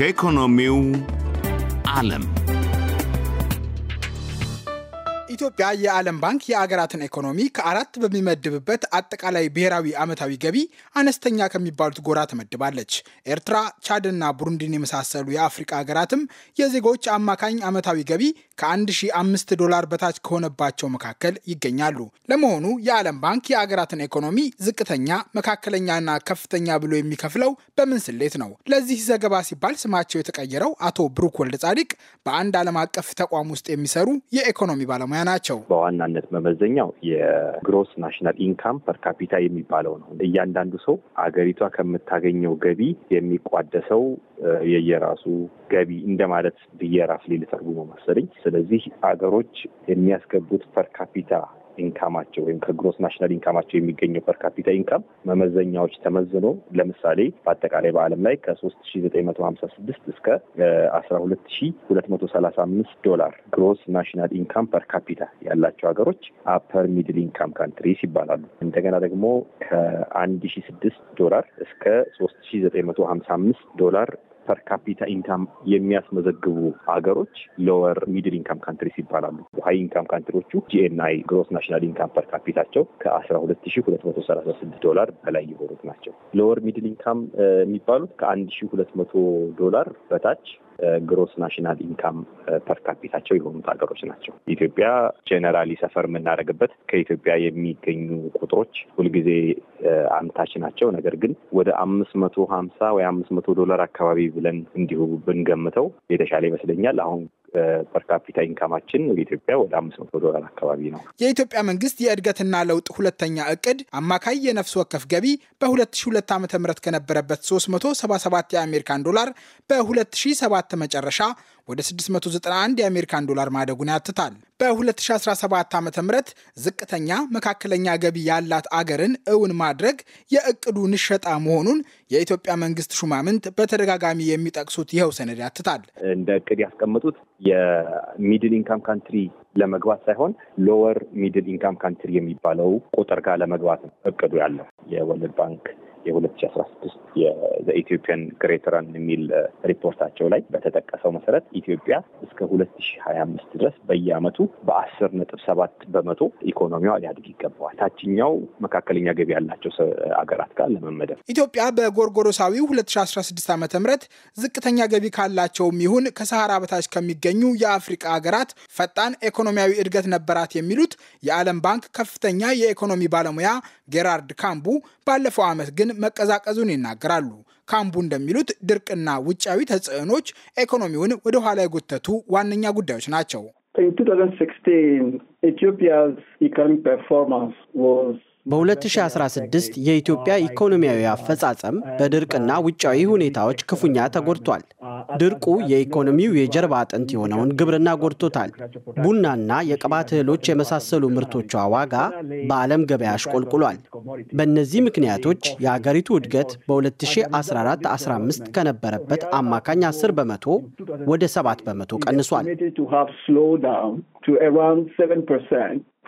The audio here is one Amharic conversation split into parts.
ከኢኮኖሚው ዓለም ኢትዮጵያ የዓለም ባንክ የአገራትን ኢኮኖሚ ከአራት በሚመድብበት አጠቃላይ ብሔራዊ ዓመታዊ ገቢ አነስተኛ ከሚባሉት ጎራ ትመድባለች። ኤርትራ፣ ቻድና ቡሩንዲን የመሳሰሉ የአፍሪቃ ሀገራትም የዜጎች አማካኝ ዓመታዊ ገቢ ከ 1500 ዶላር በታች ከሆነባቸው መካከል ይገኛሉ። ለመሆኑ የዓለም ባንክ የአገራትን ኢኮኖሚ ዝቅተኛ፣ መካከለኛና ከፍተኛ ብሎ የሚከፍለው በምን ስሌት ነው? ለዚህ ዘገባ ሲባል ስማቸው የተቀየረው አቶ ብሩክ ወልደ ጻዲቅ በአንድ ዓለም አቀፍ ተቋም ውስጥ የሚሰሩ የኢኮኖሚ ባለሙያ ናቸው? በዋናነት መመዘኛው የግሮስ ናሽናል ኢንካም ፐርካፒታ የሚባለው ነው። እያንዳንዱ ሰው አገሪቷ ከምታገኘው ገቢ የሚቋደሰው የየራሱ ገቢ እንደማለት ብዬ ሌል ተርጉሞ መሰለኝ። ስለዚህ አገሮች የሚያስገቡት ፐርካፒታ ኢንካማቸው ወይም ከግሮስ ናሽናል ኢንካማቸው የሚገኘው ፐርካፒታ ኢንካም መመዘኛዎች ተመዝኖ ለምሳሌ በአጠቃላይ በዓለም ላይ ከሶስት ሺ ዘጠኝ መቶ ሀምሳ ስድስት እስከ አስራ ሁለት ሺ ሁለት መቶ ሰላሳ አምስት ዶላር ግሮስ ናሽናል ኢንካም ፐርካፒታ ያላቸው ሀገሮች አፐር ሚድል ኢንካም ካንትሪስ ይባላሉ። እንደገና ደግሞ ከአንድ ሺ ስድስት ዶላር እስከ ሶስት ሺ ዘጠኝ መቶ ሀምሳ አምስት ዶላር ፐር ካፒታ ኢንካም የሚያስመዘግቡ ሀገሮች ሎወር ሚድል ኢንካም ካንትሪስ ይባላሉ። ሀይ ኢንካም ካንትሪዎቹ ጂኤንአይ ግሮስ ናሽናል ኢንካም ፐር ካፒታቸው ከአስራ ሁለት ሺ ሁለት መቶ ሰላሳ ስድስት ዶላር በላይ የሆኑት ናቸው። ሎወር ሚድል ኢንካም የሚባሉት ከአንድ ሺ ሁለት መቶ ዶላር በታች ግሮስ ናሽናል ኢንካም ፐርካፒታቸው የሆኑት ሀገሮች ናቸው። ኢትዮጵያ ጄኔራሊ ሰፈር የምናደርግበት ከኢትዮጵያ የሚገኙ ቁጥሮች ሁልጊዜ አንታች ናቸው። ነገር ግን ወደ አምስት መቶ ሀምሳ ወይ አምስት መቶ ዶላር አካባቢ ብለን እንዲሁ ብንገምተው የተሻለ ይመስለኛል። አሁን ፐርካፒታ ኢንካማችን ኢትዮጵያ ወደ አምስት መቶ ዶላር አካባቢ ነው። የኢትዮጵያ መንግስት የእድገትና ለውጥ ሁለተኛ እቅድ አማካይ የነፍስ ወከፍ ገቢ በ2002 ዓ ም ከነበረበት 377 የአሜሪካን ዶላር በ2007 መጨረሻ ወደ 691 የአሜሪካን ዶላር ማደጉን ያትታል። በ2017 ዓ ም ዝቅተኛ መካከለኛ ገቢ ያላት አገርን እውን ማድረግ የእቅዱ ንሸጣ መሆኑን የኢትዮጵያ መንግስት ሹማምንት በተደጋጋሚ የሚጠቅሱት ይኸው ሰነድ ያትታል። እንደ እቅድ ያስቀመጡት የሚድል ኢንካም ካንትሪ ለመግባት ሳይሆን ሎወር ሚድል ኢንካም ካንትሪ የሚባለው ቁጥር ጋር ለመግባት ነው እቅዱ ያለው የወርልድ ባንክ የ2016 የኢትዮጵያን ግሬተራን የሚል ሪፖርታቸው ላይ በተጠቀሰው መሰረት ኢትዮጵያ እስከ 2025 ድረስ በየአመቱ በአስር ነጥብ ሰባት በመቶ ኢኮኖሚዋ ሊያድግ ይገባዋል። ታችኛው መካከለኛ ገቢ ያላቸው አገራት ጋር ለመመደብ ኢትዮጵያ በጎርጎሮሳዊው 2016 ዓ ም ዝቅተኛ ገቢ ካላቸውም ይሁን ከሰሃራ በታች ከሚገኙ የአፍሪቃ ሀገራት ፈጣን ኢኮኖሚያዊ እድገት ነበራት የሚሉት የዓለም ባንክ ከፍተኛ የኢኮኖሚ ባለሙያ ጌራርድ ካምቡ ባለፈው ዓመት ግን ግን መቀዛቀዙን ይናገራሉ። ካምቡ እንደሚሉት ድርቅና ውጫዊ ተጽዕኖች ኢኮኖሚውን ወደኋላ የጎተቱ ዋነኛ ጉዳዮች ናቸው። በ2016 የኢትዮጵያ ኢኮኖሚያዊ አፈጻጸም በድርቅና ውጫዊ ሁኔታዎች ክፉኛ ተጎድቷል። ድርቁ የኢኮኖሚው የጀርባ አጥንት የሆነውን ግብርና ጎድቶታል። ቡናና የቅባት እህሎች የመሳሰሉ ምርቶቿ ዋጋ በዓለም ገበያ አሽቆልቁሏል። በእነዚህ ምክንያቶች የአገሪቱ እድገት በ2014-15 ከነበረበት አማካኝ 10 በመቶ ወደ 7 በመቶ ቀንሷል።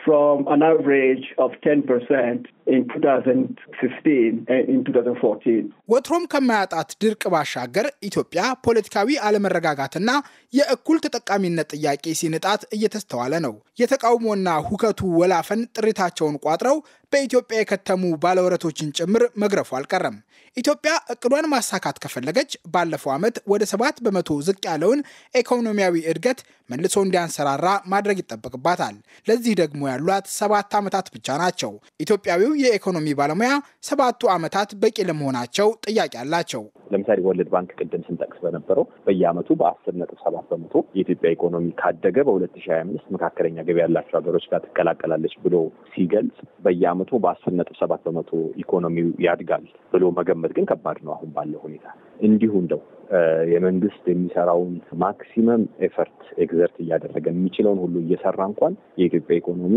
from an average of 10% in 2015 and in 2014 ወትሮም ከማያጣት ድርቅ ባሻገር ኢትዮጵያ ፖለቲካዊ አለመረጋጋትና የእኩል ተጠቃሚነት ጥያቄ ሲንጣት እየተስተዋለ ነው። የተቃውሞና ሁከቱ ወላፈን ጥሪታቸውን ቋጥረው በኢትዮጵያ የከተሙ ባለወረቶችን ጭምር መግረፉ አልቀረም። ኢትዮጵያ እቅዷን ማሳካት ከፈለገች ባለፈው ዓመት ወደ ሰባት በመቶ ዝቅ ያለውን ኢኮኖሚያዊ እድገት መልሶ እንዲያንሰራራ ማድረግ ይጠበቅባታል። ለዚህ ደግሞ ያሏት ሰባት ዓመታት ብቻ ናቸው። ኢትዮጵያዊው የኢኮኖሚ ባለሙያ ሰባቱ ዓመታት በቂ ለመሆናቸው ጥያቄ አላቸው። ለምሳሌ ወርልድ ባንክ ቅድም ስንጠቅስ በነበረው በየአመቱ በአስር ነጥብ ሰባት በመቶ የኢትዮጵያ ኢኮኖሚ ካደገ በሁለት ሺ ሀያ አምስት መካከለኛ ገቢ ያላቸው ሀገሮች ጋር ትቀላቀላለች ብሎ ሲገልጽ በየአመቱ በአስር ነጥብ ሰባት በመቶ ኢኮኖሚው ያድጋል ብሎ መገመት ግን ከባድ ነው አሁን ባለው ሁኔታ እንዲሁ እንደው የመንግስት የሚሰራውን ማክሲመም ኤፈርት ኤግዘርት እያደረገ የሚችለውን ሁሉ እየሰራ እንኳን የኢትዮጵያ ኢኮኖሚ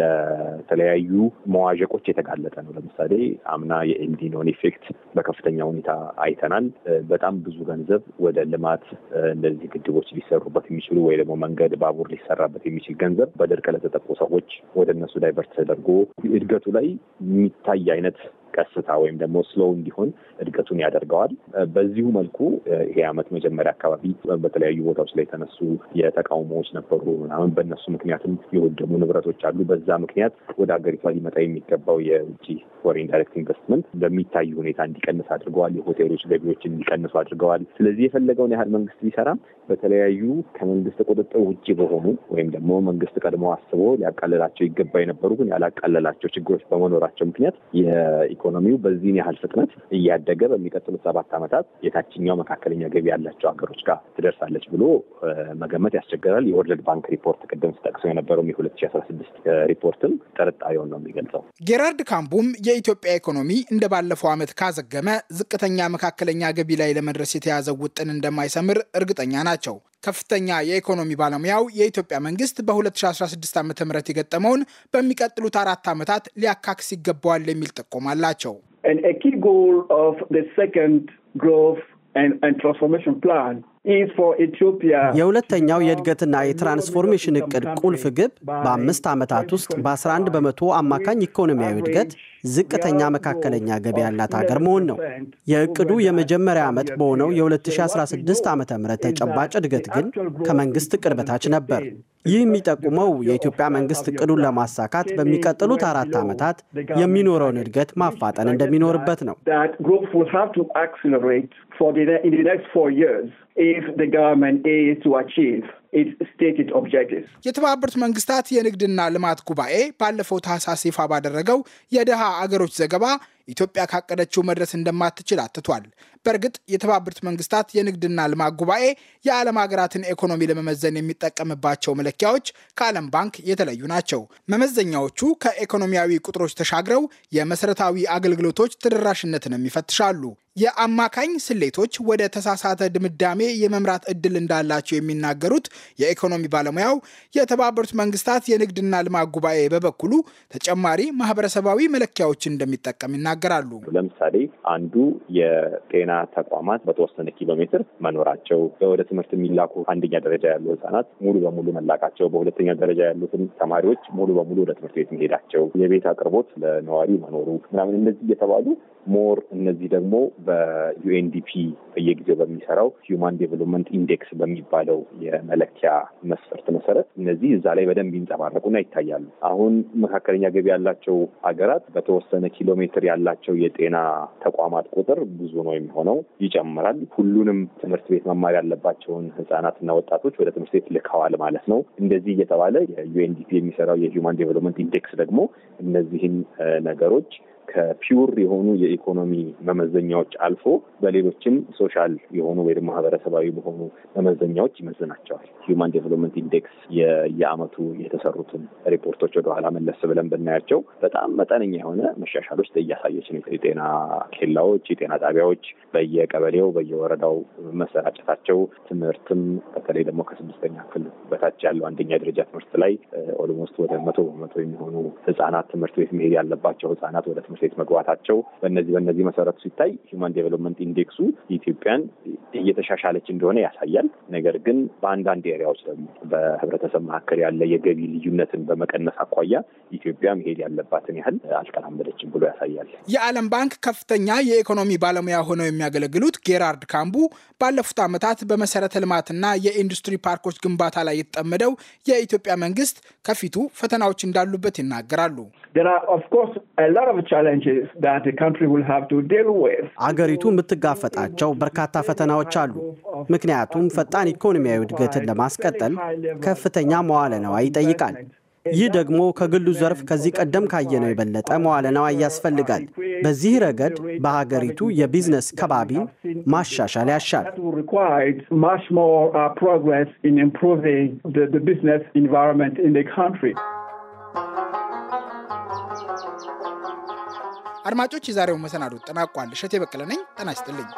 ለተለያዩ መዋዠቆች የተጋለጠ ነው። ለምሳሌ አምና የኤልኒኖን ኢፌክት በከፍተኛ ሁኔታ አይተናል። በጣም ብዙ ገንዘብ ወደ ልማት እንደዚህ ግድቦች ሊሰሩበት የሚችሉ ወይ ደግሞ መንገድ፣ ባቡር ሊሰራበት የሚችል ገንዘብ በድርቅ ለተጠቁ ሰዎች ወደ እነሱ ዳይቨርት ተደርጎ እድገቱ ላይ የሚታይ አይነት ቀስታ ወይም ደግሞ ስሎው እንዲሆን እድገቱን ያደርገዋል። በዚሁ መልኩ ይሄ ዓመት መጀመሪያ አካባቢ በተለያዩ ቦታዎች ላይ የተነሱ የተቃውሞዎች ነበሩ ምናምን በእነሱ ምክንያትም የወደሙ ንብረቶች አሉ። በዛ ምክንያት ወደ ሀገሪቷ ሊመጣ የሚገባው የውጭ ፎሬን ዳይሬክት ኢንቨስትመንት በሚታይ ሁኔታ እንዲቀንስ አድርገዋል። የሆቴሎች ገቢዎች እንዲቀንሱ አድርገዋል። ስለዚህ የፈለገውን ያህል መንግስት ቢሰራም በተለያዩ ከመንግስት ቁጥጥር ውጭ በሆኑ ወይም ደግሞ መንግስት ቀድሞ አስቦ ሊያቃልላቸው ይገባ የነበሩ ግን ያላቃለላቸው ችግሮች በመኖራቸው ምክንያት ኢኮኖሚው በዚህን ያህል ፍጥነት እያደገ በሚቀጥሉት ሰባት ዓመታት የታችኛው መካከለኛ ገቢ ያላቸው ሀገሮች ጋር ትደርሳለች ብሎ መገመት ያስቸግራል። የወርልድ ባንክ ሪፖርት ቅድም ስጠቅሰው የነበረውም የ2016 ሪፖርትም ጥርጣሬውን ነው የሚገልጸው። ጌራርድ ካምቡም የኢትዮጵያ ኢኮኖሚ እንደ ባለፈው ዓመት ካዘገመ ዝቅተኛ መካከለኛ ገቢ ላይ ለመድረስ የተያዘው ውጥን እንደማይሰምር እርግጠኛ ናቸው። ከፍተኛ የኢኮኖሚ ባለሙያው የኢትዮጵያ መንግስት በ2016 ዓ ም የገጠመውን በሚቀጥሉት አራት ዓመታት ሊያካክስ ይገባዋል የሚል ጥቆማ አላቸው። ኪ ጎል ኦፍ ትራንስፎርሜሽን ፕላን የሁለተኛው የእድገትና የትራንስፎርሜሽን እቅድ ቁልፍ ግብ በአምስት ዓመታት ውስጥ በ11 በመቶ አማካኝ ኢኮኖሚያዊ እድገት ዝቅተኛ መካከለኛ ገቢ ያላት ሀገር መሆን ነው። የእቅዱ የመጀመሪያ ዓመት በሆነው የ2016 ዓ ም ተጨባጭ እድገት ግን ከመንግስት እቅድ በታች ነበር። ይህ የሚጠቁመው የኢትዮጵያ መንግስት እቅዱን ለማሳካት በሚቀጥሉት አራት ዓመታት የሚኖረውን እድገት ማፋጠን እንደሚኖርበት ነው። for the, in the next four years if the government is to achieve የተባበሩት መንግስታት የንግድና ልማት ጉባኤ ባለፈው ታህሳስ ይፋ ባደረገው የድሃ አገሮች ዘገባ ኢትዮጵያ ካቀደችው መድረስ እንደማትችል አትቷል። በእርግጥ የተባበሩት መንግስታት የንግድና ልማት ጉባኤ የዓለም ሀገራትን ኢኮኖሚ ለመመዘን የሚጠቀምባቸው መለኪያዎች ከዓለም ባንክ የተለዩ ናቸው። መመዘኛዎቹ ከኢኮኖሚያዊ ቁጥሮች ተሻግረው የመሰረታዊ አገልግሎቶች ተደራሽነትንም ይፈትሻሉ። የአማካኝ ስሌቶች ወደ ተሳሳተ ድምዳሜ የመምራት እድል እንዳላቸው የሚናገሩት የኢኮኖሚ ባለሙያው የተባበሩት መንግስታት የንግድና ልማት ጉባኤ በበኩሉ ተጨማሪ ማህበረሰባዊ መለኪያዎችን እንደሚጠቀም ይናገራሉ። ለምሳሌ አንዱ የጤና ተቋማት በተወሰነ ኪሎ ሜትር መኖራቸው፣ ወደ ትምህርት የሚላኩ አንደኛ ደረጃ ያሉ ህጻናት ሙሉ በሙሉ መላካቸው፣ በሁለተኛ ደረጃ ያሉትን ተማሪዎች ሙሉ በሙሉ ወደ ትምህርት ቤት መሄዳቸው፣ የቤት አቅርቦት ለነዋሪ መኖሩ ምናምን እነዚህ እየተባሉ ሞር እነዚህ ደግሞ በዩኤንዲፒ በየጊዜው በሚሰራው ሂውማን ዴቨሎፕመንት ኢንዴክስ በሚባለው የመለኪያ መስፈርት መሰረት እነዚህ እዛ ላይ በደንብ ይንጸባረቁና ይታያሉ። አሁን መካከለኛ ገቢ ያላቸው ሀገራት በተወሰነ ኪሎ ሜትር ያላቸው የጤና ተቋማት ቁጥር ብዙ ነው የሚሆነው፣ ይጨምራል። ሁሉንም ትምህርት ቤት መማር ያለባቸውን ህጻናትና ወጣቶች ወደ ትምህርት ቤት ልከዋል ማለት ነው። እንደዚህ እየተባለ የዩኤንዲፒ የሚሰራው የሂውማን ዴቨሎፕመንት ኢንዴክስ ደግሞ እነዚህን ነገሮች ከፒውር የሆኑ የኢኮኖሚ መመዘኛዎች አልፎ በሌሎችም ሶሻል የሆኑ ወይም ማህበረሰባዊ በሆኑ መመዘኛዎች ይመዝናቸዋል። ሂውማን ዴቨሎፕመንት ኢንዴክስ የየአመቱ የተሰሩትን ሪፖርቶች ወደኋላ መለስ ብለን ብናያቸው በጣም መጠነኛ የሆነ መሻሻሎች እያሳየች ነው። የጤና ኬላዎች፣ የጤና ጣቢያዎች በየቀበሌው በየወረዳው መሰራጨታቸው፣ ትምህርትም በተለይ ደግሞ ከስድስተኛ ክፍል በታች ያለው አንደኛ ደረጃ ትምህርት ላይ ኦልሞስት ወደ መቶ በመቶ የሚሆኑ ህጻናት ትምህርት ቤት መሄድ ያለባቸው ህጻናት ወደ ትምህርት ትምህርት ቤት መግባታቸው በነዚህ በነዚህ መሰረቱ ሲታይ ሂውማን ዴቨሎፕመንት ኢንዴክሱ ኢትዮጵያን እየተሻሻለች እንደሆነ ያሳያል። ነገር ግን በአንዳንድ ኤሪያዎች ደግሞ በህብረተሰብ መካከል ያለ የገቢ ልዩነትን በመቀነስ አኳያ ኢትዮጵያ መሄድ ያለባትን ያህል አልተራመደችም ብሎ ያሳያል። የዓለም ባንክ ከፍተኛ የኢኮኖሚ ባለሙያ ሆነው የሚያገለግሉት ጌራርድ ካምቡ ባለፉት ዓመታት በመሰረተ ልማትና የኢንዱስትሪ ፓርኮች ግንባታ ላይ የተጠመደው የኢትዮጵያ መንግስት ከፊቱ ፈተናዎች እንዳሉበት ይናገራሉ። አገሪቱ የምትጋፈጣቸው በርካታ ፈተናዎች አሉ። ምክንያቱም ፈጣን ኢኮኖሚያዊ እድገትን ለማስቀጠል ከፍተኛ መዋለ ነዋይ ይጠይቃል። ይህ ደግሞ ከግሉ ዘርፍ ከዚህ ቀደም ካየነው የበለጠ መዋለ ነዋይ ያስፈልጋል። በዚህ ረገድ በሀገሪቱ የቢዝነስ ከባቢን ማሻሻል ያሻል። አድማጮች፣ የዛሬውን መሰናዶ ጠናቋል። እሸቴ በቀለ ነኝ። ጤና ይስጥልኝ።